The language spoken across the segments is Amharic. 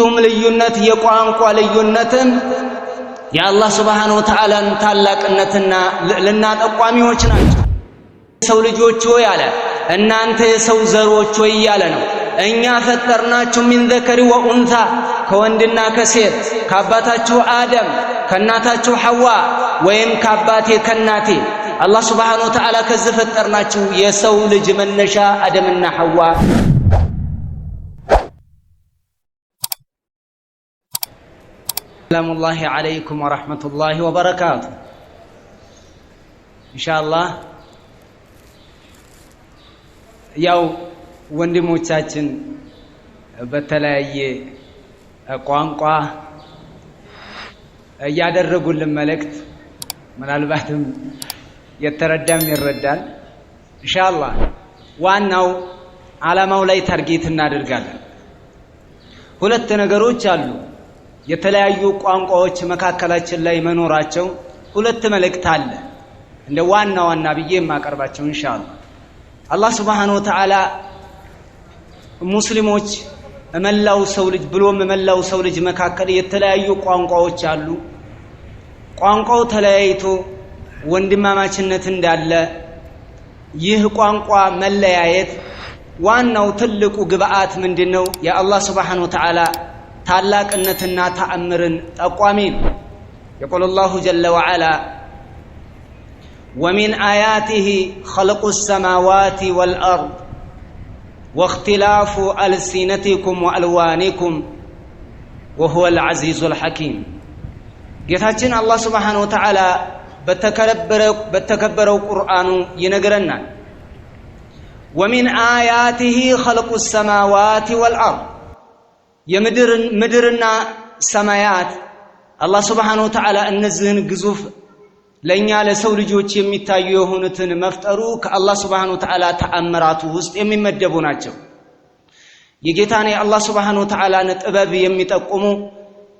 ቱም ልዩነት የቋንቋ ልዩነትን የአላህ ስብሓነ ወተዓላን ታላቅነትና ልዕልና ጠቋሚዎች ናቸው። የሰው ልጆች ሆይ አለ እናንተ የሰው ዘሮች ሆይ እያለ ነው። እኛ ፈጠርናችሁ ሚን ዘከሪ ወኡንታ ከወንድና ከሴት ከአባታችሁ አደም ከእናታችሁ ሐዋ ወይም ከአባቴ ከእናቴ አላህ ስብሓነ ወተዓላ ከዚህ ፈጠርናችሁ የሰው ልጅ መነሻ አደምና ሐዋ ሰላሙላሂ አለይኩም ወረሕመቱላሂ ወበረካቱ። ኢንሻአላህ ያው ወንድሞቻችን በተለያየ ቋንቋ እያደረጉልን መልእክት ምናልባትም የተረዳም ይረዳል። ኢንሻአላህ ዋናው ዓላማው ላይ ታርጌት እናደርጋለን። ሁለት ነገሮች አሉ የተለያዩ ቋንቋዎች መካከላችን ላይ መኖራቸው ሁለት መልእክት አለ እንደ ዋና ዋና ብዬ የማቀርባቸው እንሻአላ አላህ ስብሓን ወተዓላ ሙስሊሞች መላው ሰው ልጅ ብሎም መላው ሰው ልጅ መካከል የተለያዩ ቋንቋዎች አሉ። ቋንቋው ተለያይቶ ወንድማማችነት እንዳለ ይህ ቋንቋ መለያየት ዋናው ትልቁ ግብአት ምንድነው? የአላህ ስብሓን ወተዓላ ታላቅነትና ተአምርን ጠቋሚ ነው የቆል ላሁ ጀለ ወዓላ ومن آياته خلق السماوات والأرض واختلاف ألسنتكم وألوانكم وهو العزيز الحكيم يتحدثنا الله سبحانه وتعالى بتكبر القرآن ينقرنا ومن آياته خلق السماوات والأرض የምድርና ሰማያት አላህ ስብሓነ ወተዓላ እነዚህን ግዙፍ ለእኛ ለሰው ልጆች የሚታዩ የሆኑትን መፍጠሩ ከአላህ ስብሓነ ወተዓላ ተአምራቱ ውስጥ የሚመደቡ ናቸው። የጌታን የአላህ ስብሓነ ወተዓላን ጥበብ የሚጠቁሙ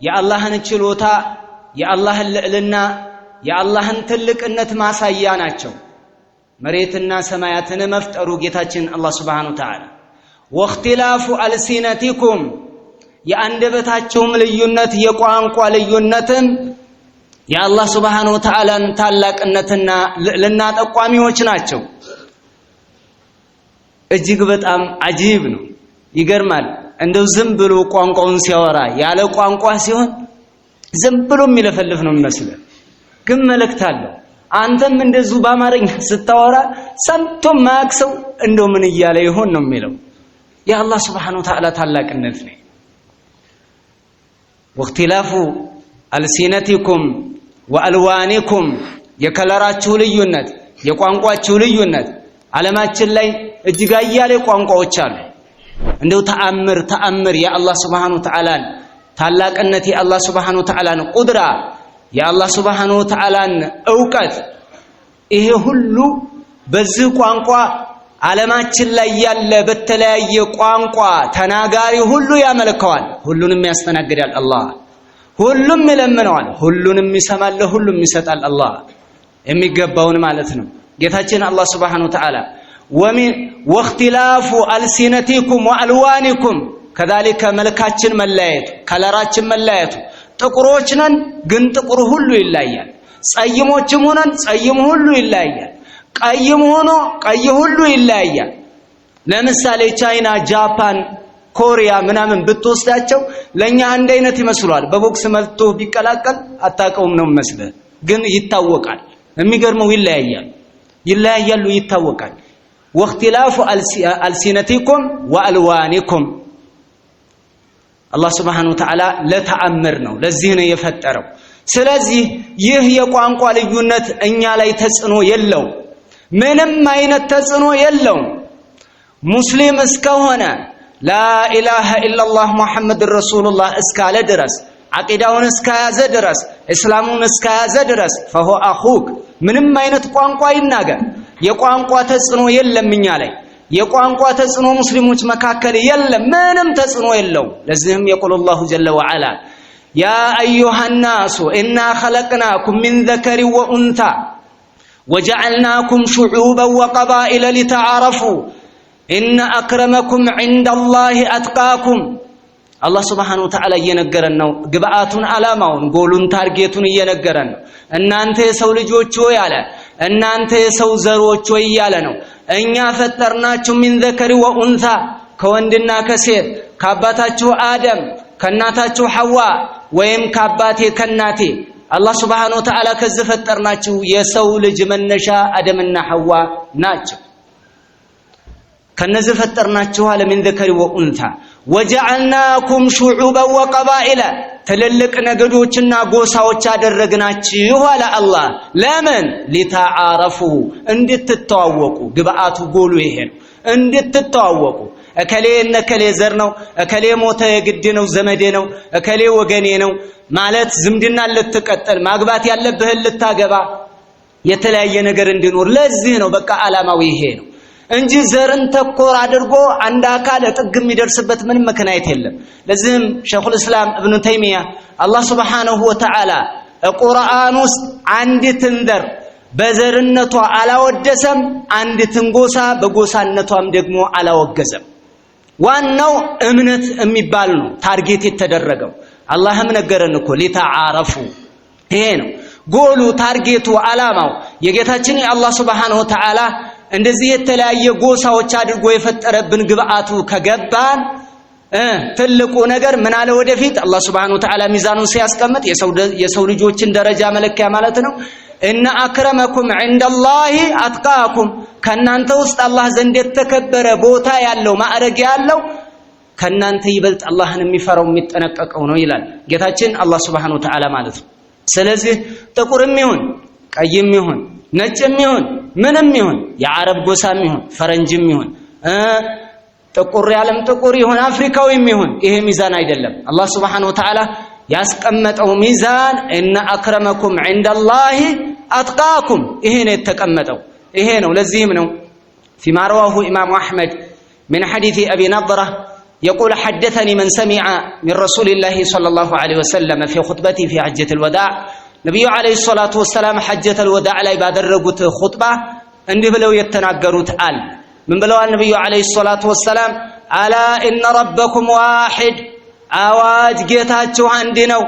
የአላህን ችሎታ፣ የአላህን ልዕልና፣ የአላህን ትልቅነት ማሳያ ናቸው። መሬትና ሰማያትን መፍጠሩ ጌታችን አላህ ስብሓነ ወተዓላ ወእኽቲላፉ አልሲነቲኩም የአንደበታቸውም ልዩነት የቋንቋ ልዩነትም የአላህ ሱብሓነሁ ወተዓላን ታላቅነትና ልዕልና ጠቋሚዎች ናቸው። እጅግ በጣም አጂብ ነው። ይገርማል። እንደው ዝም ብሎ ቋንቋውን ሲያወራ ያለ ቋንቋ ሲሆን ዝም ብሎ የሚለፈልፍ ነው መስለ። ግን መልእክት አለው። አንተም እንደዚሁ በአማርኛ ስታወራ ሰምቶ ማክሰው ሰው እንደው ምን እያለ ይሆን ነው የሚለው። የአላህ ሱብሓነሁ ወተዓላ ታላቅነት ነው። ወክቲላፉ አልሲነቲኩም ወአልዋኒኩም የከለራችሁ ልዩነት፣ የቋንቋችሁ ልዩነት። ዓለማችን ላይ እጅግ አያሌ ቋንቋዎች አሉ። እንደው ተአምር ተአምር የአላህ ስብሓነሁ ተዓላን ታላቅነት፣ የአላህ ስብሓነሁ ወተዓላን ቁድራ፣ የአላህ ስብሓነሁ ተዓላን እውቀት ይሄ ሁሉ በዚህ ቋንቋ ዓለማችን ላይ ያለ በተለያየ ቋንቋ ተናጋሪ ሁሉ ያመልከዋል። ሁሉንም ያስተናግዳል አላህ። ሁሉም ይለምነዋል፣ ሁሉንም ይሰማል፣ ለሁሉም ይሰጣል አላህ የሚገባውን ማለት ነው። ጌታችን አላህ ሱብሓነሁ ወተዓላ ወእኽቲላፉ አልሲነቲኩም ወአልዋኒኩም ከዛሊከ መልካችን መለያየቱ ከለራችን መለያየቱ ጥቁሮች ነን ግን ጥቁር ሁሉ ይለያያል፣ ጸይሞችም ሆነን ጸይም ሁሉ ይለያያል። ቀይም ሆኖ ቀይ ሁሉ ይለያያል። ለምሳሌ ቻይና፣ ጃፓን፣ ኮሪያ ምናምን ብትወስዳቸው ለእኛ አንድ አይነት ይመስሏል። በቦክስ መልቶ ቢቀላቀል አታውቀውም ነው መስለ ግን ይታወቃል። የሚገርመው ይለያያል፣ ይለያያሉ፣ ይታወቃል። ወእክትላፉ አልሲነቲኩም ወአልዋኒኩም አላህ ሱብሓነሁ ወተዓላ ለተአምር ነው፣ ለዚህ ነው የፈጠረው። ስለዚህ ይህ የቋንቋ ልዩነት እኛ ላይ ተጽዕኖ የለውም። ምንም አይነት ተጽዕኖ የለውም። ሙስሊም እስከሆነ ላኢላሃ ኢላላህ ሙሐመድ ረሱሉላህ እስካለ ድረስ አቂዳውን እስከያዘ ድረስ እስላሙን እስከያዘ ድረስ ፈሆ አኹክ ምንም አይነት ቋንቋ ይናገር የቋንቋ ተጽዕኖ የለም እኛ ላይ የቋንቋ ተጽዕኖ ሙስሊሞች መካከል የለም ምንም ተጽዕኖ የለውም ለዚህም የቁል ላሁ ጀለ ወዓላ ያ አዩሃ ናሱ እና ኸለቅናኩም ሚን ዘከሪ ወኡንታ ወጀዐልናኩም ሹዑበን ወቀባኢለ ሊተዓረፉ ኢነ አክረመኩም ዒንደላሂ አትቃኩም። አላህ ስብሓነሁ ወተዓላ እየነገረን ነው። ግብአቱን፣ ዓላማውን፣ ጎሉን፣ ታርጌቱን እየነገረን ነው። እናንተ የሰው ልጆች ሆይ አለ እናንተ የሰው ዘሮች ሆይ እያለ ነው። እኛ ፈጠርናችሁ ሚን ዘከሪ ወኡንሳ ከወንድና ከሴት ከአባታችሁ አደም ከእናታችሁ ሐዋ ወይም ከአባቴ ከእናቴ አላህ ስብሓነሁ ወተዓላ ከዚህ ፈጠርናችሁ። የሰው ልጅ መነሻ አደምና ሐዋ ናቸው። ከነዚህ ፈጠርናችሁ አለ ሚን ዘከሪ ወኡንታ ወጀዐልናኩም ሹዑበን ወቀባኢላ ትልልቅ ነገዶችና ጎሳዎች አደረግናችሁ አለ አላህ። ለምን ሊተዓረፉ እንድትተዋወቁ። ግብአቱ ጎሉ ይሄ እንድትተዋወቁ እከሌ እነከሌ ዘር ነው፣ እከሌ ሞተ የግድ ነው፣ ዘመዴ ነው፣ እከሌ ወገኔ ነው ማለት ዝምድና ልትቀጥል ማግባት ያለብህን ልታገባ የተለያየ ነገር እንዲኖር ለዚህ ነው በቃ ዓላማው ይሄ ነው እንጂ ዘርን ተኮር አድርጎ አንድ አካል ጥግ የሚደርስበት ምንም ምክንያት የለም። ለዚህም ሸኹል እስላም እብኑ ተይሚያ አላህ ሱብሓነሁ ወተዓላ ቁርአን ውስጥ አንዲትን ዘር በዘርነቷ አላወደሰም፣ አንዲትን ጎሳ በጎሳነቷም ደግሞ አላወገዘም። ዋናው እምነት የሚባል ነው ታርጌት የተደረገው። አላህም ነገረን እኮ ሊተዓረፉ ይሄ ነው ጎሉ፣ ታርጌቱ፣ አላማው የጌታችን የአላህ ሱብሓነሁ ወተዓላ እንደዚህ የተለያየ ጎሳዎች አድርጎ የፈጠረብን ግብአቱ ከገባን ትልቁ ነገር ምን አለ? ወደፊት አላህ ሱብሓነሁ ወተዓላ ሚዛኑን ሲያስቀምጥ የሰው ልጆችን ደረጃ መለኪያ ማለት ነው እነ አክረመኩም ዐንደላሂ አትቃኩም ከእናንተ ውስጥ አላህ ዘንድ የተከበረ ቦታ ያለው ማዕረግ ያለው ከእናንተ ይበልጥ አላህን የሚፈራው የሚጠነቀቀው ነው ይላል ጌታችን አላህ ሱብሓነሁ ወተዓላ ማለት ነው። ስለዚህ ጥቁርም ይሁን ቀይም ይሁን ነጭም ይሁን ምንም ይሁን የአረብ ጎሳም ይሁን ፈረንጅም ይሁን ጥቁር ያለም ጥቁር ይሁን አፍሪካዊም ይሁን ይሄ ሚዛን አይደለም። አላህ ሱብሓነሁ ወተዓላ ያስቀመጠው ሚዛን እነ አክረመኩም ዐንደላሂ አጥቃኩም ይሄ ነው የተቀመጠው። ይሄ ነው። ለዚህም ነው ፊማ ረዋሁ ኢማሙ አሕመድ ሚን ሐዲት አቢ ነድራ የቁል ሐደተኒ መን ሰሚዐ ሚን ረሱሊላሂ ሰለላሁ ዐለይሂ ወሰለም ፊ ኹጥበቲ ፊ ሐጀቲል ወዳዕ ነቢዩ ዐለይሂ ሰላቱ ወሰላም ሐጀተል ወዳዕ ላይ ባደረጉት ኹጥባ እንዲህ ብለው የተናገሩት አል ምን ብለዋል ነቢዩ ዐለይሂ ሰላቱ ወሰላም አላ ኢነ ረበኩም ዋሒድ አዋጅ ጌታችሁ አንድ ነው።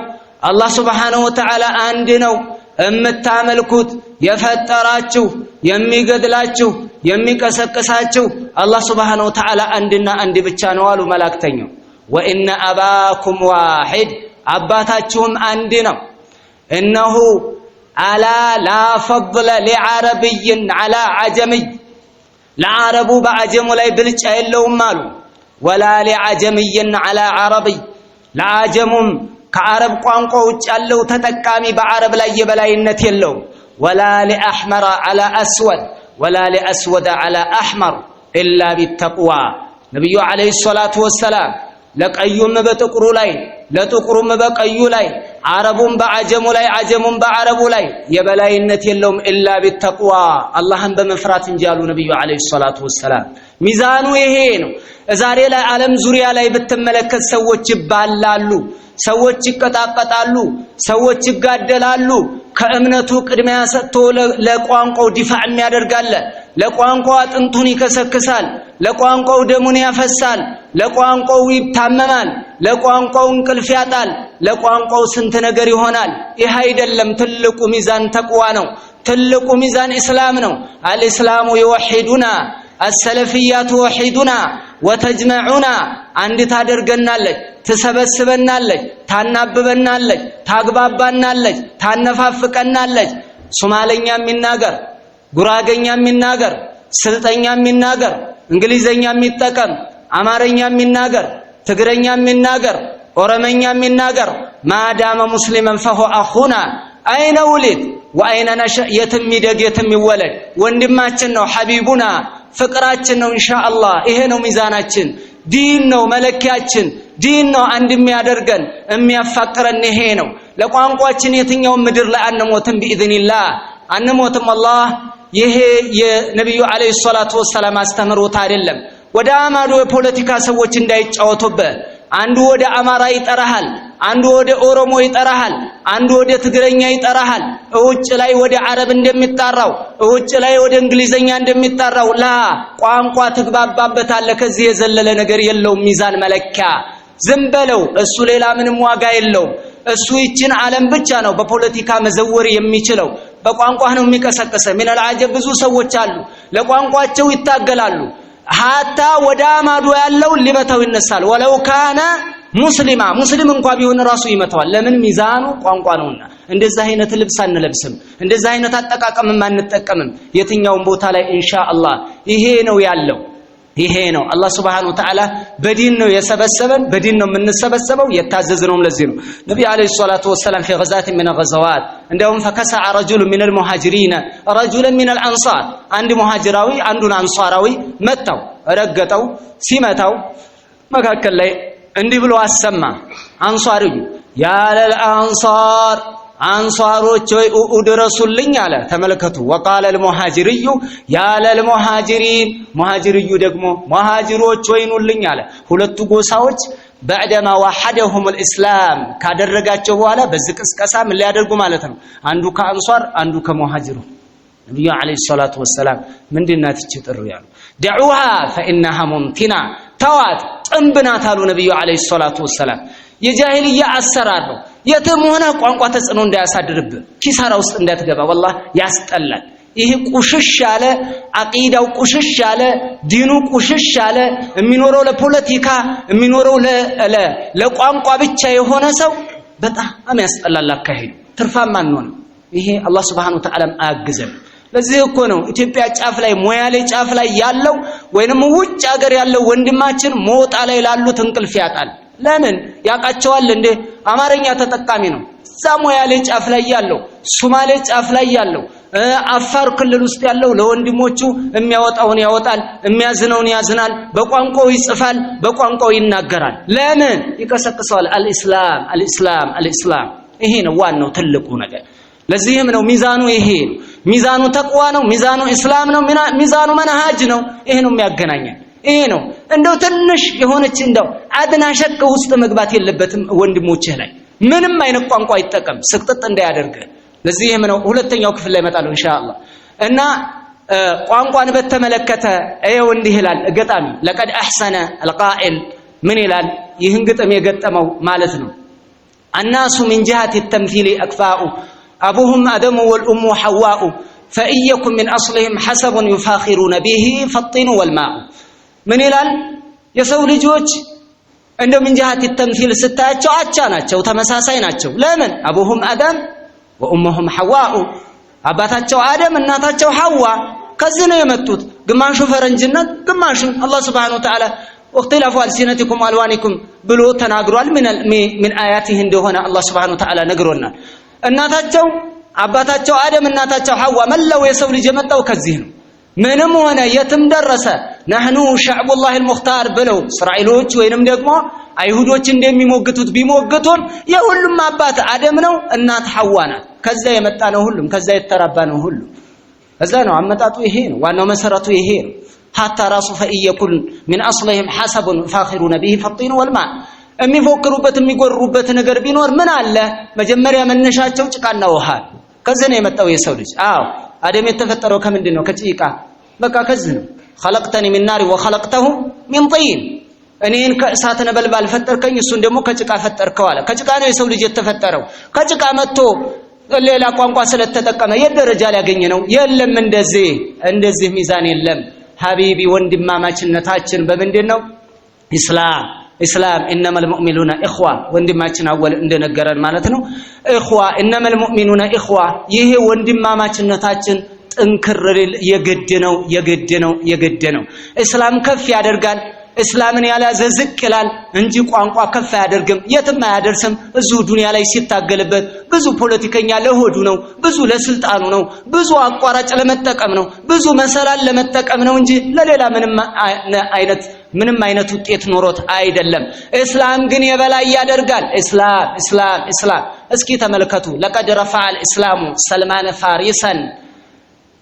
አላህ ሱብሓነሁ ወተዓላ አንድ ነው። የምታመልኩት የፈጠራችሁ የሚገድላችሁ የሚቀሰቅሳችሁ አላህ ስብሓነሁ ወተዓላ አንድና አንድ ብቻ ነው አሉ መላእክተኛው። ወኢነ አባኩም ዋሂድ አባታችሁም አንድ ነው። እነሁ አላ ላ ፈድለ ሊዓረብይን አላ ዓጀምይ ለዓረቡ በአጀሙ ላይ ብልጫ የለውም አሉ። ወላ ሊዓጀምይን አላ ዓረብይ ለዓጀሙም ከአረብ ቋንቋ ውጭ ያለው ተጠቃሚ በአረብ ላይ የበላይነት የለውም። ወላ ሊአሕመረ ዐላ አስወድ ወላ ሊአስወደ ዐላ አሕመር ኢላ ቢተቅዋ። ነቢዩ ዓለይሂ ሰላቱ ወሰላም ለቀዩም በጥቁሩ ላይ ለጥቁሩም በቀዩ ላይ አረቡም በአጀሙ ላይ አጀሙም በአረቡ ላይ የበላይነት የለውም ኢላ ቢተቅዋ አላህን በመፍራት እንጂ አሉ ነቢዩ ዓለይሂ ሰላቱ ወሰላም። ሚዛኑ ይሄ ነው። ዛሬ ላይ ዓለም ዙሪያ ላይ ብትመለከት ሰዎች ይባላሉ። ሰዎች ይቀጣቀጣሉ፣ ሰዎች ይጋደላሉ። ከእምነቱ ቅድሚያ ሰጥቶ ለቋንቋው ዲፋዕ የሚያደርጋለ፣ ለቋንቋው አጥንቱን ይከሰክሳል፣ ለቋንቋው ደሙን ያፈሳል፣ ለቋንቋው ይታመማል፣ ለቋንቋው እንቅልፍ ያጣል፣ ለቋንቋው ስንት ነገር ይሆናል። ይህ አይደለም ትልቁ ሚዛን ተቅዋ ነው። ትልቁ ሚዛን እስላም ነው። አልእስላሙ የወሒዱና አሰለፊያ ትወሒዱና ወተጅመዑና አንድ ታደርገናለች፣ ትሰበስበናለች፣ ታናብበናለች፣ ታግባባናለች፣ ታነፋፍቀናለች። ሶማለኛ የሚናገር ጉራገኛ የሚናገር ስልጠኛ የሚናገር እንግሊዘኛ የሚጠቀም አማረኛ የሚናገር ትግረኛ የሚናገር ኦሮመኛ የሚናገር ማዳመ ሙስሊመን ፈሆ አኹና አይነ ውሊድ ወአይነ ነሸ የትም ይደግ የትም ይወለድ ወንድማችን ነው ሐቢቡና ፍቅራችን ነው ኢንሻአላህ። ይሄ ነው ሚዛናችን። ዲን ነው መለኪያችን። ዲን ነው አንድ የሚያደርገን የሚያፋቅረን ይሄ ነው። ለቋንቋችን የትኛው ምድር ላይ አንሞትም፣ ቢኢዝኒላህ አንሞትም። አላህ ይሄ የነቢዩ አለይሂ ሰላቱ ወሰላም አስተምሮት አይደለም። ወደ አማዶ የፖለቲካ ሰዎች እንዳይጫወቱበት አንዱ ወደ አማራ ይጠራሃል፣ አንዱ ወደ ኦሮሞ ይጠራሃል፣ አንዱ ወደ ትግረኛ ይጠራሃል። እውጭ ላይ ወደ አረብ እንደሚጣራው እውጭ ላይ ወደ እንግሊዘኛ እንደሚጣራው ላ ቋንቋ ትግባባበታለህ። ከዚህ የዘለለ ነገር የለውም ሚዛን መለኪያ። ዝም በለው እሱ ሌላ ምንም ዋጋ የለውም። እሱ ይችን ዓለም ብቻ ነው በፖለቲካ መዘወር የሚችለው። በቋንቋ ነው የሚቀሰቀሰ። ሚነል አጀብ ብዙ ሰዎች አሉ፣ ለቋንቋቸው ይታገላሉ ሀታ ወደ አማዶ ያለው ሊመታው ይነሳል። ወለው ካነ ሙስሊማ ሙስሊም እንኳ ቢሆን ራሱ ይመታዋል። ለምን? ሚዛኑ ቋንቋ ነውና። እንደዚህ አይነት ልብስ አንለብስም፣ እንደዚህ አይነት አጠቃቀምም አንጠቀምም። የትኛውም ቦታ ላይ ኢንሻአላህ ይሄ ነው ያለው። ይሄ ነው አላህ ስብሐነሁ ወተዓላ በዲን ነው የሰበሰበን፣ በዲን ነው የምንሰበሰበው፣ የታዘዝነውም ለዚህ ነው። ነቢዩ ዓለይሂ ሰላቱ ወሰላም ፊ ገዛቲን ሚነ ገዘዋት እንዲያውም ፈከሰዐ ረጁሉን ሚነል ሙሃጅሪነ ረጁለን ሚነል አንሷር፣ አንድ ሙሃጅራዊ አንዱን አንሷራዊ መታው፣ ረገጠው። ሲመታው መካከል ላይ እንዲህ ብሎ አሰማ አንሷሪው ያለል አንሷር አንሷሮች ወይ ኡኡ ድረሱልኝ አለ። ተመልከቱ። ወቃለ ልሙሃጅርዩ ያለ ልሙሃጅሪን ሙሃጅርዩ ደግሞ ሙሃጅሮች ኑልኝ አለ። ሁለቱ ጎሳዎች በዕደማ ዋሐደሁም ልእስላም ካደረጋቸው በኋላ በዚህ ቅስቀሳ ምን ሊያደርጉ ማለት ነው? አንዱ ከአንሷር አንዱ ከሙሃጅሩ። ነቢዩ ዓለይሂ ሰላቱ ወሰላም ምንድን ናት ጥሩ ያሉ ደዑሃ ፈኢነሃ ሙንቲና ተዋት ጥንብ ናት አሉ ነቢዩ ዓለይሂ ሰላቱ ወሰላም። የጃሂልያ አሰራር ነው። የትም ሆነ ቋንቋ ተጽዕኖ እንዳያሳድርብህ ኪሳራ ውስጥ እንዳትገባ። ወላሂ ያስጠላል። ይህ ቁሽሽ ያለ አቂዳው ቁሽሽ ያለ ዲኑ ቁሽሽ ያለ የሚኖረው ለፖለቲካ የሚኖረው ለቋንቋ ብቻ የሆነ ሰው በጣም ያስጠላል አካሄዱ። ትርፋማ አንሆንም። ይሄ አላህ ሱብሓነሁ ወተዓላ አያግዘንም። ለዚህ እኮ ነው ኢትዮጵያ ጫፍ ላይ ሞያሌ ጫፍ ላይ ያለው ወይንም ውጭ ሀገር ያለው ወንድማችን ሞጣ ላይ ላሉት እንቅልፍ ያጣል። ለምን ያውቃቸዋል እንዴ? አማርኛ ተጠቃሚ ነው። እዛ ጫፍ ላይ ያለው፣ ሱማሌ ጫፍ ላይ ያለው፣ አፋር ክልል ውስጥ ያለው ለወንድሞቹ የሚያወጣውን ያወጣል፣ የሚያዝነውን ያዝናል፣ በቋንቋው ይጽፋል፣ በቋንቋው ይናገራል። ለምን ይቀሰቅሰዋል? አልኢስላም አልኢስላም አልኢስላም። ይሄ ነው ዋናው ትልቁ ነገር። ለዚህም ነው ሚዛኑ ይሄ ነው። ሚዛኑ ተቅዋ ነው። ሚዛኑ ኢስላም ነው። ሚዛኑ መነሃጅ ነው። ይሄ ነው የሚያገናኘን። ይሄ ነው። እንደው ትንሽ የሆነች እንደው አድና ሸቅ ውስጥ መግባት የለበትም ወንድሞችህ ላይ ምንም አይነት ቋንቋ አይጠቀም ስቅጥጥ እንዳያደርግህ። ለዚህም ነው ሁለተኛው ክፍል ላይ እመጣለሁ ኢንሻአላህ እና ቋንቋን በተመለከተ ይኸው እንዲህ ይላል ገጣሚ ለቀድ አሕሰነ አልቃኢል ምን ይላል? ይህን ግጥም የገጠመው ማለት ነው። አናሱ ሚን ጅሃት ተምሲሊ አክፋኡ አቡሁም አደሙ ወልኡሙ ሐዋኡ ፈኢየኩም ሚን አስልህም ሐሰቡን ዩፋኺሩነ ቢሂ ፈጢኑ ወልማኡ ምን ይላል? የሰው ልጆች እንደ ምንጃሃት ተምሲል ስታያቸው አቻ ናቸው፣ ተመሳሳይ ናቸው። ለምን? አቡሁም አዳም ወኡሙሁም ሐዋኡ አባታቸው አደም እናታቸው ሐዋ ከዚህ ነው የመጡት። ግማሹ ፈረንጅነት፣ ግማሹ አላህ ሱብሓነሁ ወተዓላ ወክቲላፉ አልሲነቲኩም አልዋኒኩም ብሎ ተናግሯል። ምን አያቲህ እንደሆነ አላህ ሱብሓነሁ ወተዓላ ነግሮናል። እናታቸው አባታቸው አደም እናታቸው ሐዋ መላው የሰው ልጅ የመጣው ከዚህ ነው። ምንም ሆነ የትም ደረሰ ነህኑ ሸዕቡላህ አልሙኽታር ብለው እስራኤሎች ወይንም ደግሞ አይሁዶች እንደሚሞግቱት ቢሞግቱን የሁሉም አባት አደም ነው፣ እናት ሐዋ ናት። ከዛ የመጣ ነው ሁሉም፣ ከዛ የተራባ ነው ሁሉም። እዛ ነው አመጣጡ። ይሄ ነው ዋናው መሰረቱ፣ ይሄ ነው ሐታ ራሱ ፈኢየኩን ሚን አስልህም ሐሰቡን ፋኺሩነ ቢሂ ፈጢኑ ወልማ የሚፎክሩበት የሚጎሩበት ነገር ቢኖር ምን አለ መጀመሪያ መነሻቸው ጭቃና ውሃ። ከዚህ ነው የመጣው የሰው ልጅ አዎ አደም የተፈጠረው ከምንድን ነው? ከጭቃ በቃ ከዚህ ነው። ኸለቅተኒ ሚን ናሪ ወኸለቅተሁ ሚን ጢን እኔን ከእሳት ነበልባል ፈጠርከኝ፣ እሱን ደግሞ ከጭቃ ፈጠርከው አለ። ከጭቃ ነው የሰው ልጅ የተፈጠረው። ከጭቃ መጥቶ ሌላ ቋንቋ ስለተጠቀመ የት ደረጃ ሊያገኝ ነው? የለም እንደዚህ እንደዚህ ሚዛን የለም። ሀቢቢ ወንድማማችነታችን በምንድን ነው? ኢስላም ኢስላም ኢነመል ሙእሚኑና ኢኽዋ ወንድማችን አወል እንደነገረን ማለት ነው። ኢኽዋ ኢነመል ሙእሚኑና ኢኽዋ ይሄ ወንድማማችነታችን ጥንክር የግድ ነው የግድ ነው የግድ ነው። እስላም ከፍ ያደርጋል። እስላምን ያልያዘ ዝቅ ይላል እንጂ ቋንቋ ከፍ አያደርግም፣ የትም አያደርስም። እዚሁ ዱንያ ላይ ሲታገልበት ብዙ ፖለቲከኛ ለሆዱ ነው፣ ብዙ ለስልጣኑ ነው፣ ብዙ አቋራጭ ለመጠቀም ነው፣ ብዙ መሰላል ለመጠቀም ነው እንጂ ለሌላ ምንም አይነት ምንም አይነት ውጤት ኖሮት አይደለም። እስላም ግን የበላይ ያደርጋል። እስላም እስላም እስላም። እስኪ ተመልከቱ። ለቀድ ረፈዐ አልእስላሙ ሰልማን ፋሪሰን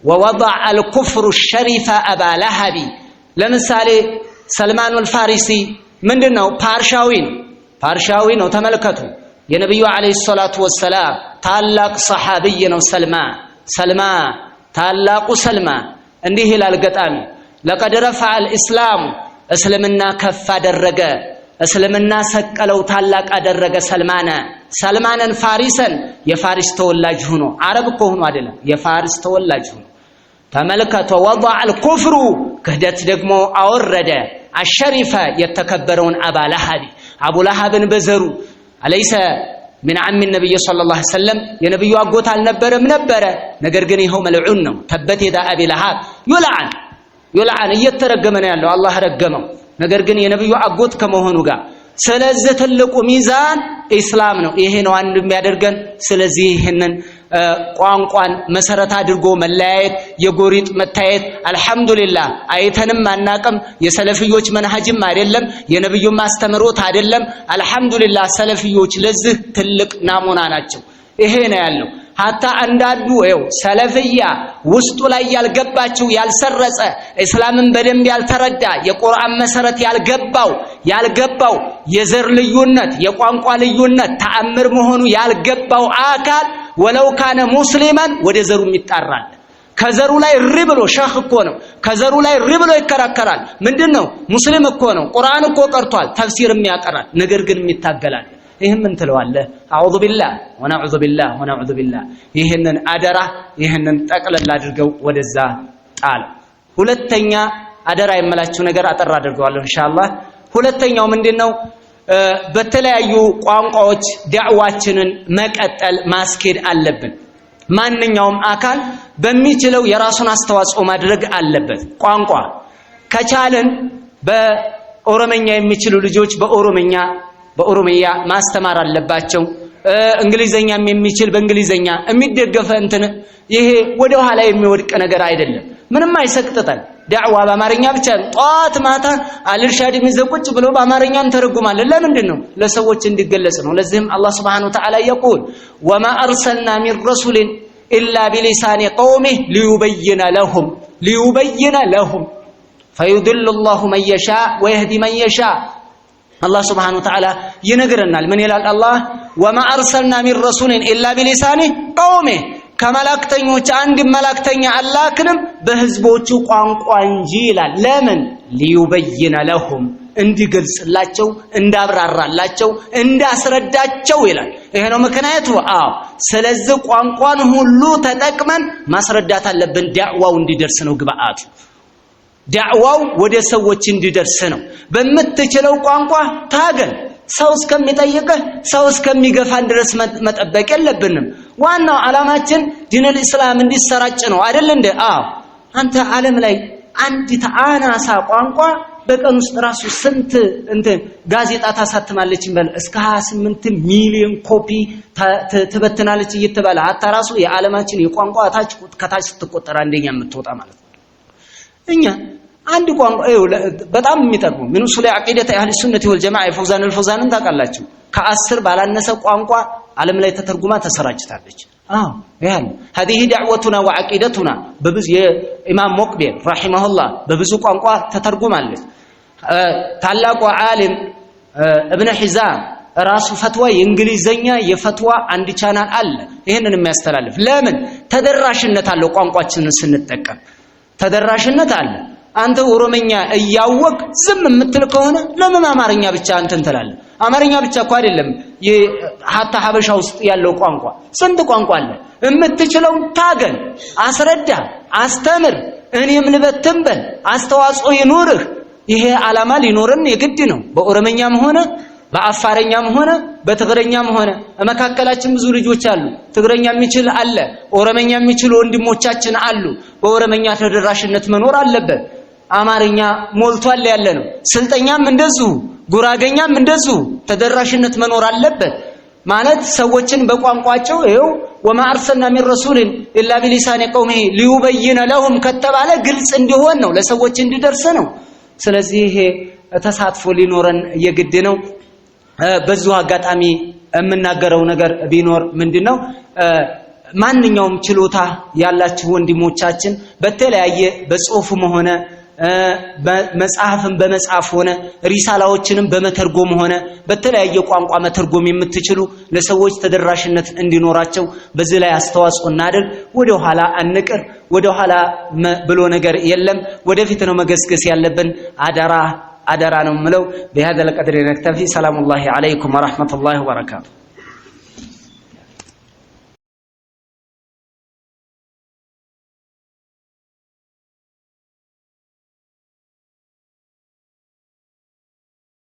ወወضዐ አልኩፍሩ ሸሪፈ አባ ለሀቢ። ለምሳሌ ሰልማኑል ፋሪሲ ምንድን ነው? ፓርሻዊ ነው፣ ፓርሻዊ ነው። ተመልከቱ። የነቢዩ ዓለይሂ ሰላቱ ወሰላም ታላቅ ሰሓብይ ነው። ሰልማ ሰልማ ታላቁ ሰልማ እንዲህ ይላል ገጣሚ ለቀድ ረፈዐ አልእስላሙ እስልምና ከፍ አደረገ። እስልምና ሰቀለው፣ ታላቅ አደረገ። ሰልማነ ሰልማነን ፋሪሰን የፋሪስ ተወላጅ ሆኖ አረብ እኮ ሆኖ አይደለም፣ የፋሪስ ተወላጅ ሆኖ ተመልከቶ ወضع الكفر ክህደት ደግሞ አወረደ። አሸሪፈ የተከበረውን አባ ለሀብ አቡ ለሀብን በዘሩ አለይሰ ምን አሚ ነብይ ሰለላሁ ዐለይሂ ወሰለም የነብዩ አጎት አልነበረም ነበረ። ነገር ግን ይኸው መልዑን ነው። ተበት የዳ አቢ ለሀብ ይልዓን ዩልዓን እየተረገመ ነው ያለው። አላህ ረገመው። ነገር ግን የነብዩ አጎት ከመሆኑ ጋር ስለዚህ ትልቁ ሚዛን ኢስላም ነው። ይሄ ነው አንድ የሚያደርገን። ስለዚህ ይህንን ቋንቋን መሰረት አድርጎ መለያየት፣ የጎሪጥ መታየት አልሐምዱሊላህ አይተንም አናቅም። የሰለፍዮች መንሃጅም አይደለም፣ የነብዩ አስተምሮት አይደለም። አልሐምዱሊላህ ሰለፊዮች ለዚህ ትልቅ ናሙና ናቸው። ይሄ ነው ያለው። ሀታ አንዳንዱ ው ሰለፍያ ውስጡ ላይ ያልገባቸው ያልሰረጸ እስላምን በደንብ ያልተረዳ የቁርአን መሰረት ያልገባው ያልገባው የዘር ልዩነት፣ የቋንቋ ልዩነት ተአምር መሆኑ ያልገባው አካል ወለው ካነ ሙስሊማን ወደ ዘሩ ይጣራል። ከዘሩ ላይ ሪ ብሎ ሸህ እኮ ነው። ከዘሩ ላይ ሪ ብሎ ይከራከራል። ምንድን ነው ሙስሊም እኮ ነው። ቁርአን እኮ ቀርቷል። ተፍሲርም ያቀራል። ነገር ግን የሚታገላል ይህም ምን ትለዋለህ? አዑዙ ቢላህ ወነዑዙ ቢላህ ወነዑዙ ቢላህ። ይህንን አደራ ይህንን ጠቅለል አድርገው ወደዛ ጣል። ሁለተኛ አደራ የምላችሁ ነገር አጠር አድርገዋለሁ ኢንሻአላህ። ሁለተኛው ምንድን ነው? በተለያዩ ቋንቋዎች ዳዕዋችንን መቀጠል ማስኬድ አለብን። ማንኛውም አካል በሚችለው የራሱን አስተዋጽኦ ማድረግ አለበት። ቋንቋ ከቻልን በኦሮመኛ የሚችሉ ልጆች በኦሮመኛ በኦሮሚያ ማስተማር አለባቸው። እንግሊዘኛም የሚችል በእንግሊዘኛ የሚደገፈ እንትን ይሄ ወደ ኋላ የሚወድቅ ነገር አይደለም። ምንም አይሰቅጥጠን። ዳዕዋ በአማርኛ ብቻ ጧት ማታ አልርሻድ የሚዘው ብሎ በአማርኛ እንተረጉማለን። ለምንድን ነው? ለሰዎች እንዲገለጽ ነው። ለዚህም አላህ ሱብሓነሁ ወተዓላ የቁል ወማ አርሰልና ሚን ረሱልን ኢላ ቢሊሳኒ ቀውሚህ ሊዩበይነ ለሁም ሊዩበይነ ለሁም ፈዩድሉ ላሁ መን የሻእ ወየህዲ መን የሻእ አላህ ስብሓነሁ ወተዓላ ይነግረናል። ምን ይላል አላህ? ወማ አርሰልና ሚን ረሱልን ኢላ ቢሊሳኒ ቀውሜ ከመላእክተኞች አንድ መላእክተኛ አላክንም በህዝቦቹ ቋንቋ እንጂ ይላል። ለምን ሊዩበይነ ለሁም እንዲገልጽላቸው፣ እንዳብራራላቸው፣ እንዳስረዳቸው ይላል። ይሄ ነው ምክንያቱ። አዎ ስለዚህ ቋንቋን ሁሉ ተጠቅመን ማስረዳት አለብን። ዳዕዋው እንዲደርስ ነው ግብአቱ። ዳዕዋው ወደ ሰዎች እንዲደርስ ነው። በምትችለው ቋንቋ ታገል። ሰው እስከሚጠይቅህ ሰው እስከሚገፋን ድረስ መጠበቅ የለብንም። ዋናው ዓላማችን ዲነል ኢስላም እንዲሰራጭ ነው አይደል እንዴ? አዎ። አንተ ዓለም ላይ አንዲት አናሳ ቋንቋ በቀን ውስጥ ራሱ ስንት እንትን ጋዜጣ ታሳትማለች እንበል፣ እስከ 28 ሚሊዮን ኮፒ ትበትናለች እየተባለ አታ ራሱ የዓለማችን የቋንቋ ታች ከታች ስትቆጠር አንደኛ የምትወጣ ማለት ነው። እኛ አንድ ቋንቋ በጣም የሚጠቅሙ ምን ሱለ አቂደተ አህሊ ሱነቲ ወል ጀማዓ የፈውዛን አልፈውዛንን ታውቃላችሁ። ከአስር ባላነሰ ቋንቋ ዓለም ላይ ተተርጉማ ተሰራጭታለች። አዎ ያል هذه دعوتنا وعقيدتنا በብዙ የኢማም ሞቅቤል رحمه በብዙ ቋንቋ ተተርጉማለች። ታላቁ ዓሊም እብነ ሒዛም ራሱ ፈትዋ የእንግሊዘኛ የፈትዋ አንድ ቻናል አለ። ይህንን የሚያስተላልፍ ለምን ተደራሽነት አለው ቋንቋችንን ስንጠቀም ተደራሽነት አለ። አንተ ኦሮመኛ እያወቅ ዝም የምትል ከሆነ ለምን አማርኛ ብቻ እንትን ትላለህ? አማርኛ ብቻ እኮ አይደለም ሀታ ሀበሻ ውስጥ ያለው ቋንቋ ስንት ቋንቋ አለ። የምትችለው ታገል፣ አስረዳ፣ አስተምር፣ እኔም ልበትን በል፣ አስተዋጽኦ ይኑርህ። ይሄ ዓላማ ሊኖርን የግድ ነው በኦሮመኛም ሆነ በአፋረኛም ሆነ በትግረኛም ሆነ መካከላችን ብዙ ልጆች አሉ። ትግረኛ የሚችል አለ፣ ኦሮመኛ የሚችሉ ወንድሞቻችን አሉ። በኦሮመኛ ተደራሽነት መኖር አለበት። አማርኛ ሞልቷል ያለ ነው። ስልጠኛም እንደዚሁ፣ ጉራገኛም እንደዚሁ ተደራሽነት መኖር አለበት። ማለት ሰዎችን በቋንቋቸው ይኸው ወማ አርሰልና ሚን ረሱልን ኢላ ቢሊሳን ቀውሚ ሊዩበይነ ለሁም ከተባለ ግልጽ እንዲሆን ነው፣ ለሰዎች እንዲደርስ ነው። ስለዚህ ይሄ ተሳትፎ ሊኖረን የግድ ነው። በዚሁ አጋጣሚ የምናገረው ነገር ቢኖር ምንድን ነው ማንኛውም ችሎታ ያላችሁ ወንድሞቻችን በተለያየ በጽሁፍም ሆነ መጽሐፍን በመጻፍ ሆነ ሪሳላዎችንም በመተርጎም ሆነ በተለያየ ቋንቋ መተርጎም የምትችሉ ለሰዎች ተደራሽነት እንዲኖራቸው በዚህ ላይ አስተዋጽኦ እናድርግ። ወደ ኋላ አንቅር። ወደ ኋላ ብሎ ነገር የለም። ወደፊት ነው መገስገስ ያለብን። አደራ أدرانا ملو بهذا القدر نكتفي سلام الله عليكم ورحمة الله وبركاته